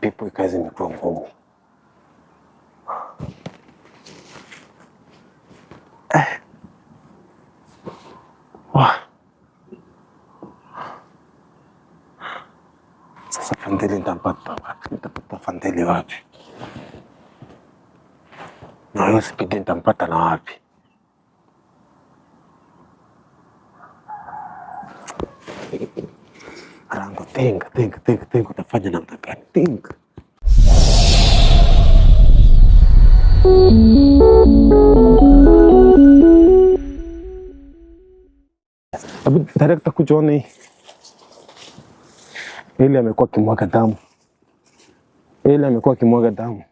pipo ikazi imekuwa ngumu. Sasa fandeli nitapata wapi? Nitapata wapi? Na huyo Spidi nitampata na wapi? think, think, think, think, utafanya namna gani? Think. Abi director kujiona hii Eli amekuwa kimwaga damu, Eli amekuwa kimwaga damu.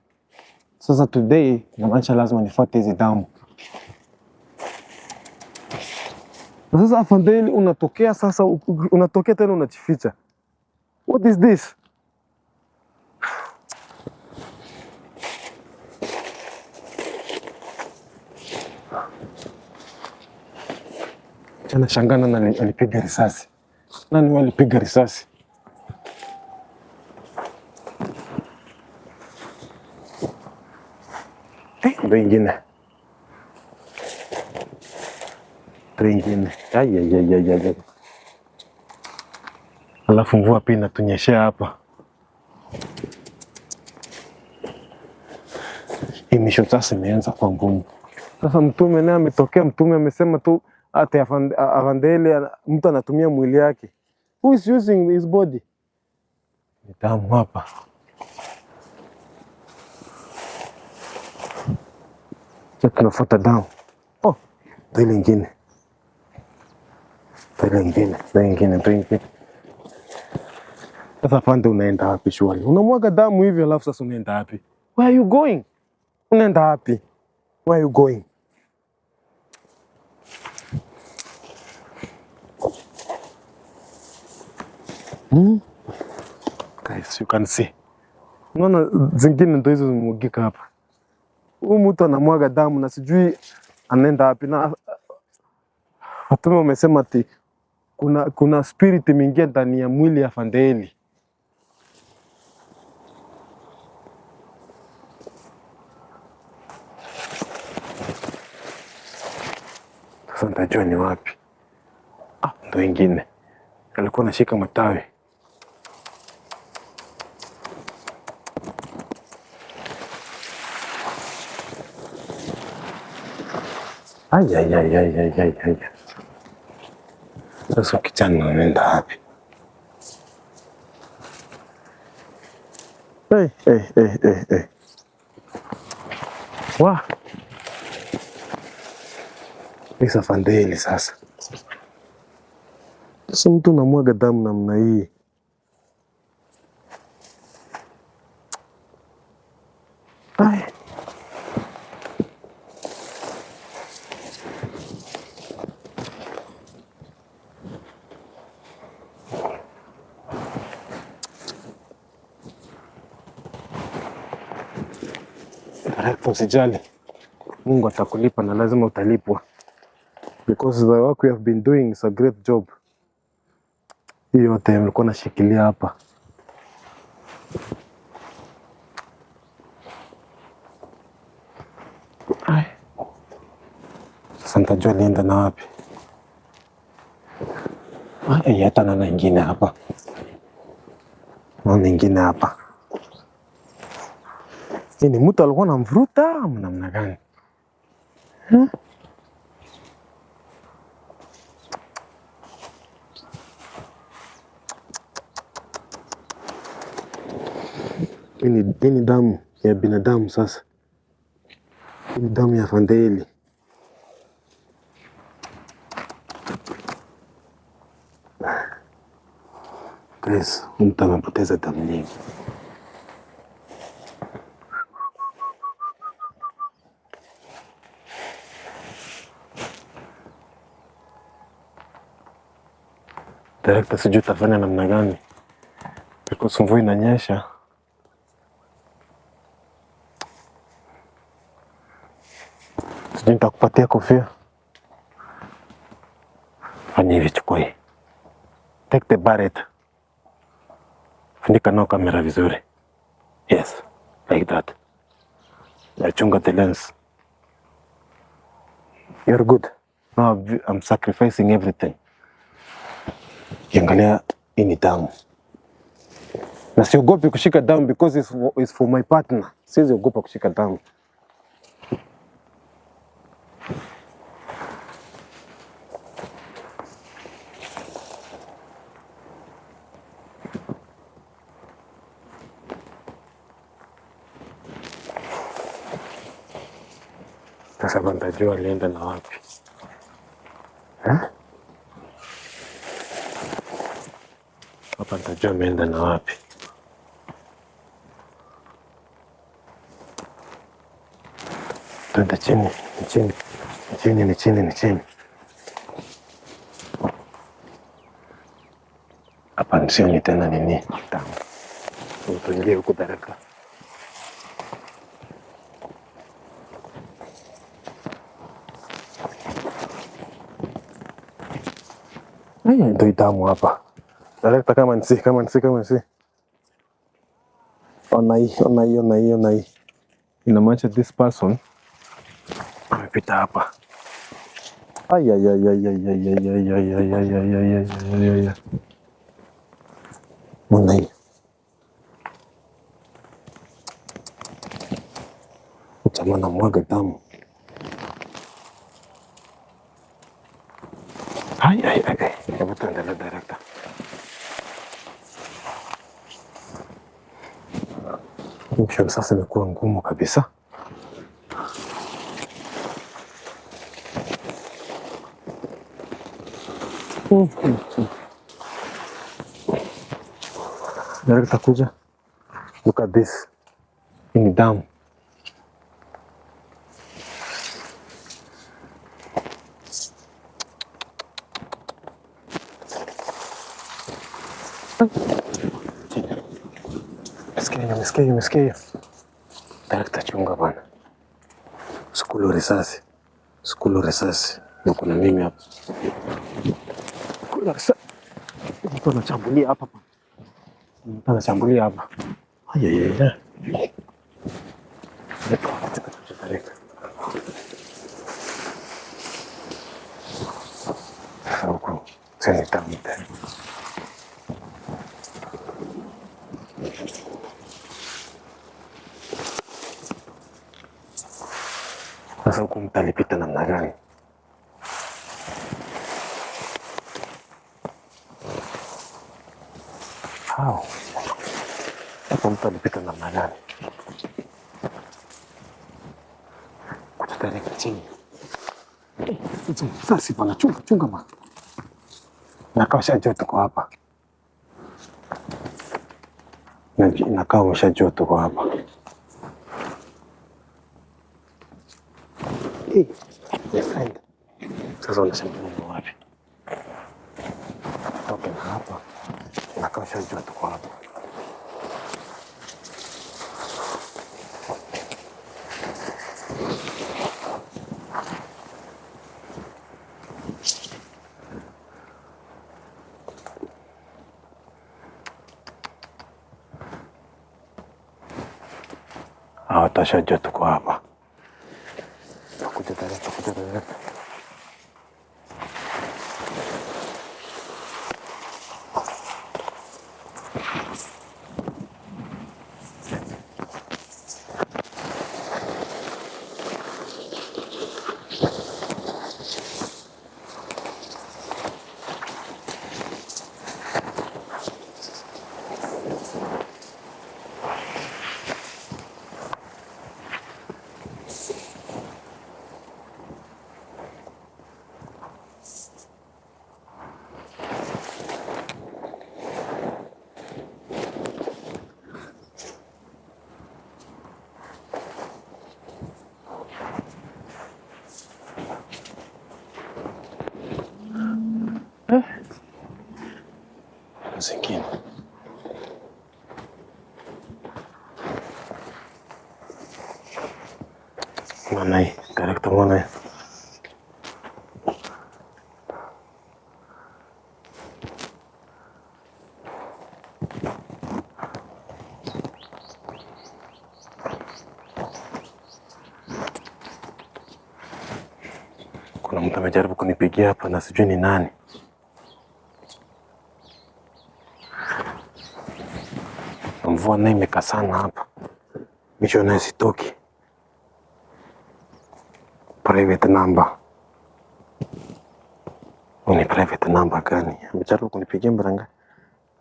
Sasa today namaanisha lazima nifuate hizi damu. Sasa afande, unatokea sasa, unatokea tena unajificha What is this? Anashangaa nani alipiga risasi? Nani walipiga risasi? Ndo ingine ndo ingine. alafu mvua pia inatunyeshea hapa. Imisho sasa imeanza kwa ngumu sasa. Mtume naye ametokea, mtume amesema tu ate avandele, mtu anatumia mwili yake, who is using his body. Ni tamu hapa tunafuata damu oh, ingine ingine ingine sasa pande, unaenda wapi? Shwari, unamwaga damu hivyo, alafu sasa unaenda wapi? Where are you going? Unaenda wapi? Where are you going? Hmm? Guys, you can see. Unaona zingine ndo hizo zimemwagika hapa. Huyu mtu anamwaga damu na sijui anaenda wapi na watume wamesema ati kuna, kuna spirit mingia ndani ya mwili ya Fandeli. sasa nitajua ni wapi. Ah, ndo wengine alikuwa anashika matawi Ayayayayayaya, sasa kichana anaenda wapi? Hey, hey, hey, hey, hey. Wa pesa Fandeli. Sasa sasa mtu namwaga damu namna hii, usijali, Mungu atakulipa na lazima utalipwa because the work we have been doing is a great job. Hii yote mlikuwa nashikilia hapa sasa, nitajua lienda na wapi. Hata naona ingine hapa, naona ingine hapa. Hii ni mtu alikuwa na mvuruta namna gani? Hmm? hii ni damu ya binadamu sasa. Hii ni damu ya fandeli. Guys, mtu amepoteza damu nyingi. Direkta, sijui utafanya namna gani because mvua inanyesha. Nitakupatia kofia. Fanya hivi, chukua hii. Take the barret. Funika nao kamera vizuri. Yes, like that. Nachunga the lens. You're good. Now I'm sacrificing everything. Kiangalia hii ni damu. Na siogopi kushika damu because it's for, it's for my partner. Siwezi ogopa kushika damu. Sasa bantajua alienda na wapi ha? Hapa nitajua ameenda na wapi. Twende chini, ni chini, ni chini, ni chini, ni chini. Hapa nisioni tena nini, tangu tuingie huku daraka Haya ndio itamu hapa. Director kama nisi kama nisi kama nisi. Ona hii, ona hii, ona hii, ona hii. Inamaanisha this person amepita hapa. Ay ay ay ay ay ay ay ay ay ay ay ay ay ay ay ay ay ay. Ona hii. sasa imekuwa ngumu kabisa. Takuja, look at this, hii ni damu. Nimesikia, nimesikia tachunga bwana. Sikulu risasi, sikulu risasi, na kuna mimi hapa. Sikulu risasi, mtu anachambulia hapa, mtu anachambulia hapa. Ayayaya. Sasa huku mtalipita namna gani? Hapo mtalipita namna gani? Kututereka chini sasi pana, chunga chunga ma nakaa, joto kwa hapa, nakaa umeshajua kwa hapa aqui. É sangue. Essas olhas sempre no ar. Toca na rapa, na caixa de outro quadro. Ah, tá cheio de outro quadro. Yes. zingine mwana hii karakta mwana hii kuna mtu amejaribu kunipigia hapa na sijui ni nani mvua naye imekaa sana hapa, micho naye sitoki. Private number ni private number gani? Amejaribu kunipigia mara ngapi?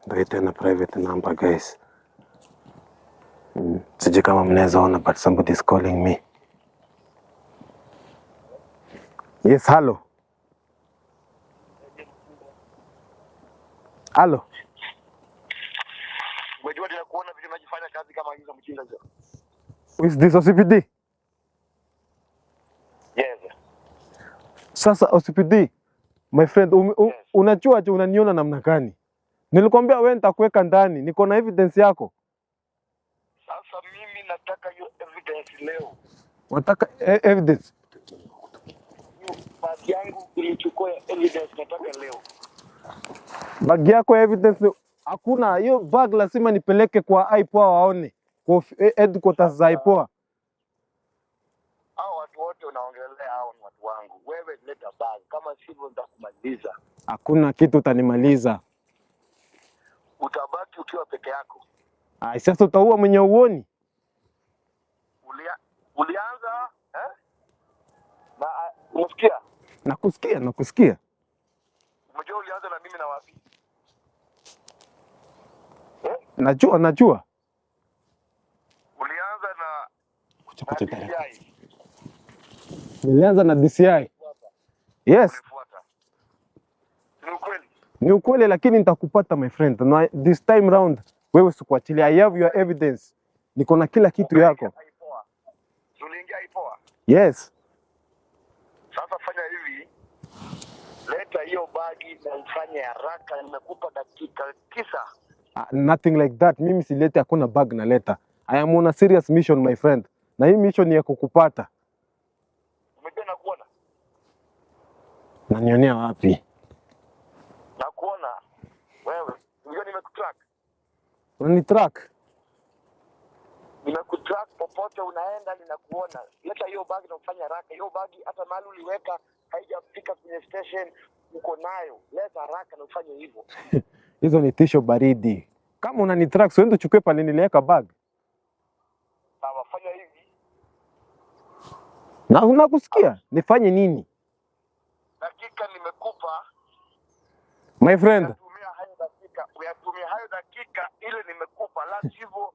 Ndio tena private number guys. Mm. Sijui kama mnaweza ona but somebody is calling me. Yes, hello. Hello. Umejua kuona tunajifanya kazi kama hizo mchinga hizo. Is this OCPD? Yes. Sasa OCPD, my friend, um, um, yes. Unajua je, unaniona namna gani? Nilikwambia wewe nitakuweka ndani, niko na evidence yako. Sasa mimi nataka hiyo evidence leo. Unataka eh, evidence? Bagi yangu ilichukua evidence nataka leo. Bagi yako evidence leo hakuna hiyo bag, lazima nipeleke kwa ipoa waone kwa eh, headquarters za aipoa. Hao watu wote unaongelea hao ni watu wangu. Wewe leta bag, kama sivyo nitakumaliza. Hakuna kitu utanimaliza, utabaki ukiwa peke yako. Ai, sasa utaua mwenye uoni. Ulia, ulianza eh? Na, uh, ah, unasikia? Nakusikia, nakusikia. Umejua ulianza na mimi na wapi? Najua, najua. Ulianza na kucha, kucha, nilianza na DCI. Yes. Ni ukweli. Ni ukweli lakini nitakupata my friend. Na this time round wewe sikuachilia. I have your evidence. Niko na kila kitu yako. Tuliingia ipoa. Yes. Sasa fanya hivi. Leta hiyo bagi na ufanye haraka, nimekupa dakika tisa. Ah, nothing like that. Mimi silete hakuna bag na leta. I am on a serious mission my friend, na hii mission ni ya kukupata. Umejua nakuona? Nanionea wapi? kuona. wewe, unajua nimekutrack. Unanitrack? Nimekutrack popote unaenda, ninakuona. Leta hiyo bag na ufanye haraka. Hiyo bag hata mahali uliweka haijafika kwenye station, uko nayo. Leta haraka na ufanye hivyo Hizo ni tisho baridi. Kama una ni track uende uchukue pale niliweka bag. Sawa, fanya hivi. Na unakusikia? Nifanye nini? Dakika nimekupa. My friend. Tumia hayo dakika, Uyatumie hayo dakika ile nimekupa, la sivyo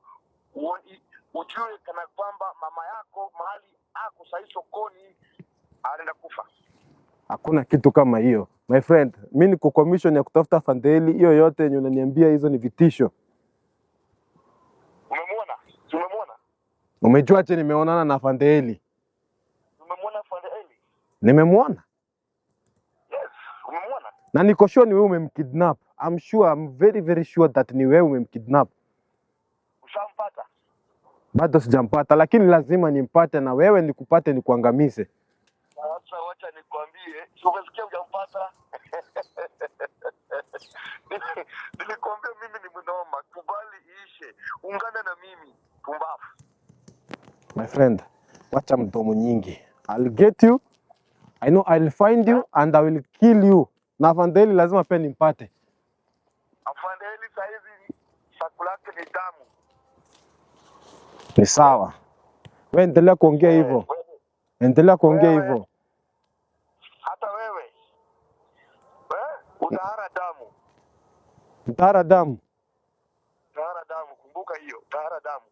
ujue kana kwamba mama yako mahali ako sahi sokoni anaenda kufa. Hakuna kitu kama hiyo. My friend, mi niko commission ya kutafuta fandeli Hiyo yote yenye unaniambia hizo ni vitisho. Umemwona? Umemwona? Umejuaje nimeonana na fandeli? Umemwona fandeli? Nimemwona. Yes, umemwona. Na niko sure ni wewe umemkidnap. I'm sure, I'm very very sure that ni wewe umemkidnap. Ushampata? Bado sijampata, lakini lazima nimpate na wewe nikupate nikuangamize. Sasa wacha nikwambie, usikia ujampata? nilikuambia mimi ni mnoma, kubali iishe, ungana na mimi pumbafu. My friend, wacha mdomo nyingi. I'll get you. I know I'll find you and I will kill you. Na Afandeli lazima pia nimpate. Afandeli saizi chakula ni damu. Ni sawa. Wewe endelea kuongea eh, hivyo. Endelea kuongea hivyo. Hata wewe. Eh? Utahara Mtahara damu, mtahara damu, kumbuka hiyo mtahara damu.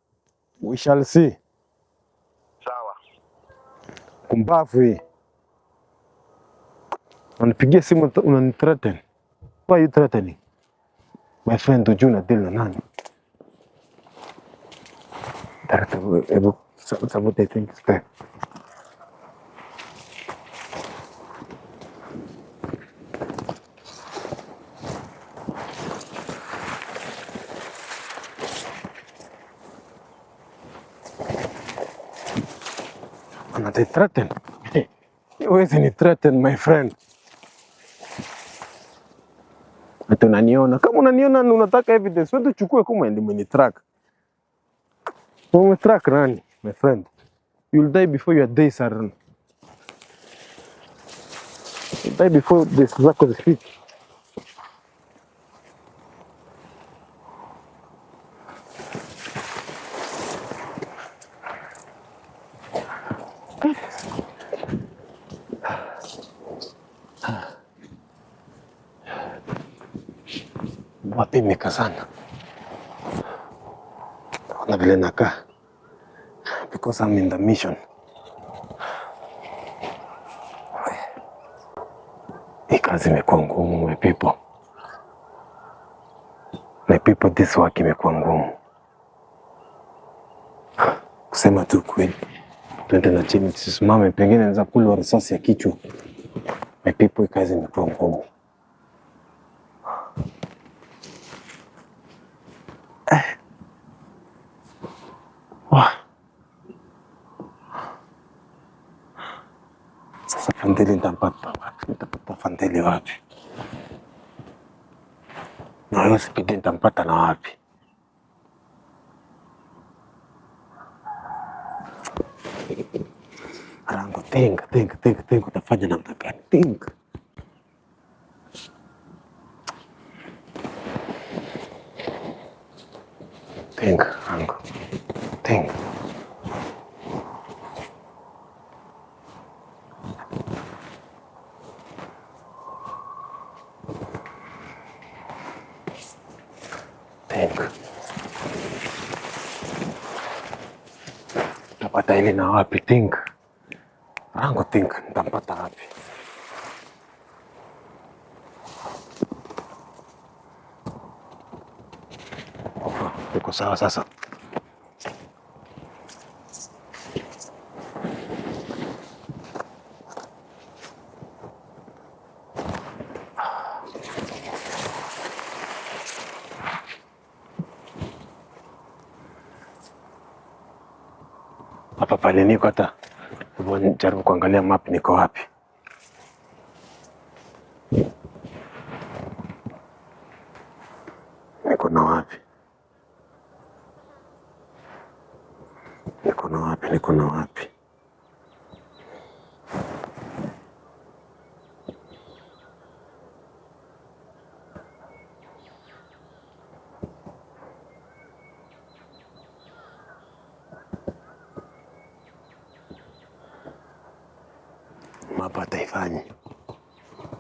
We shall see. Sawa, kumbavu hii, unanipigia simu unani threaten. Why you threatening my friend? Tujuna deal na nani? Taratibu, hebu sabote things there ati threaten. Huwezi ni threaten my friend. Ati unaniona kama unaniona unataka evidence, wewe tuchukue kama ndio mwenye track. Mwenye track nani my friend? You'll die before your days are run. You'll die before days zako zifike. nimekazana, ona vile nakaa because I'm in the mission. Hii kazi imekuwa ngumu my people, my people, this work imekuwa ngumu kusema tu kweli. Twende na chini tusimame, pengine naweza kulwa risasi ya kichwa. My people, hii kazi imekuwa ngumu. Fadhili nitampata wapi? Nitapata Fadhili wapi? Na huyo Spidi nitampata na wapi? Rango, think, think, think, think, utafanya namna gani? Think. Think, Rango. Think. nitapata ile na wapi Think rango tinka nitampata wapi? Uko sawa sasa. hapa pale niko, hata jaribu kuangalia map niko wapi.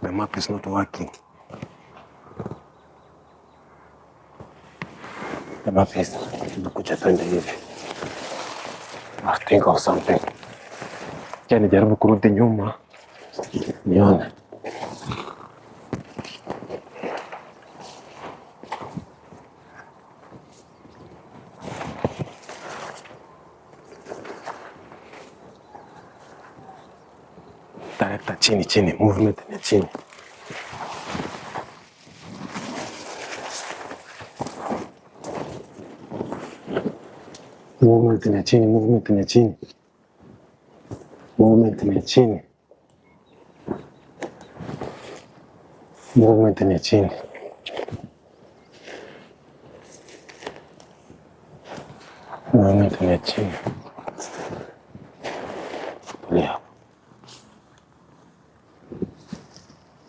The map is not working. The map is kuja twende hivi. I think of something. Jani jaribu kurudi nyuma nione chini chini, movement ni chini. Movement ni chini, movement ni chini, movement ni chini, movement ni chini. Movement ni chini.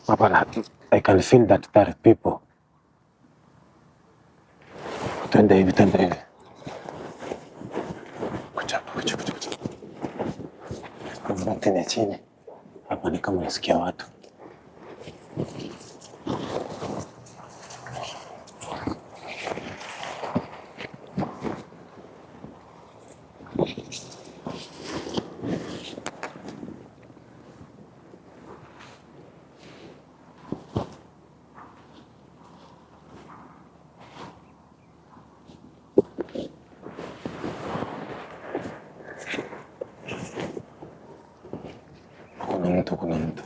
Papa, I can feel that there are people. Twende hivi, twende hivi. Kuja, kuja, kuja, kuja. Tende chini. Hapa ni kama nasikia watu. Thank you. とこなんだ。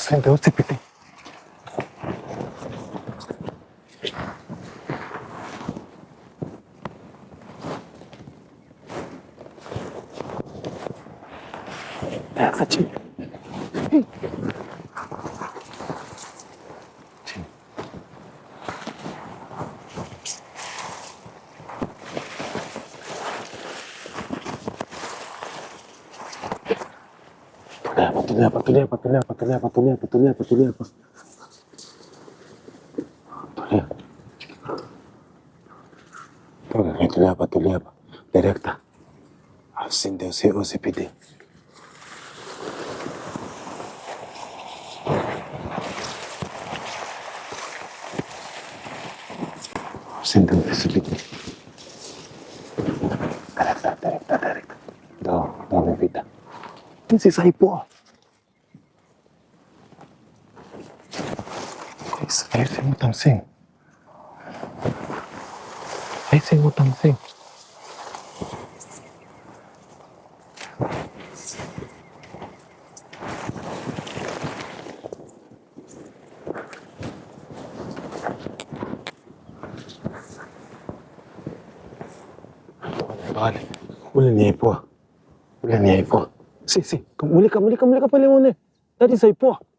Sen de usted, Pepe. ini apa tuh apa tuh apa tuh apa tuh apa tuh apa tuh apa tuh apa tuh apa tuh apa direkta hasin de se o se pide hasin de se pide Direkta, direkta, direkta. Do, do, mi vita. Ti si sai po'. Alex, are you seeing what I'm seeing? Are you seeing what I'm seeing? Boleh ni ipo. Boleh ni ipo. Si si, boleh kan boleh kan boleh kan boleh. Tadi saya ipo.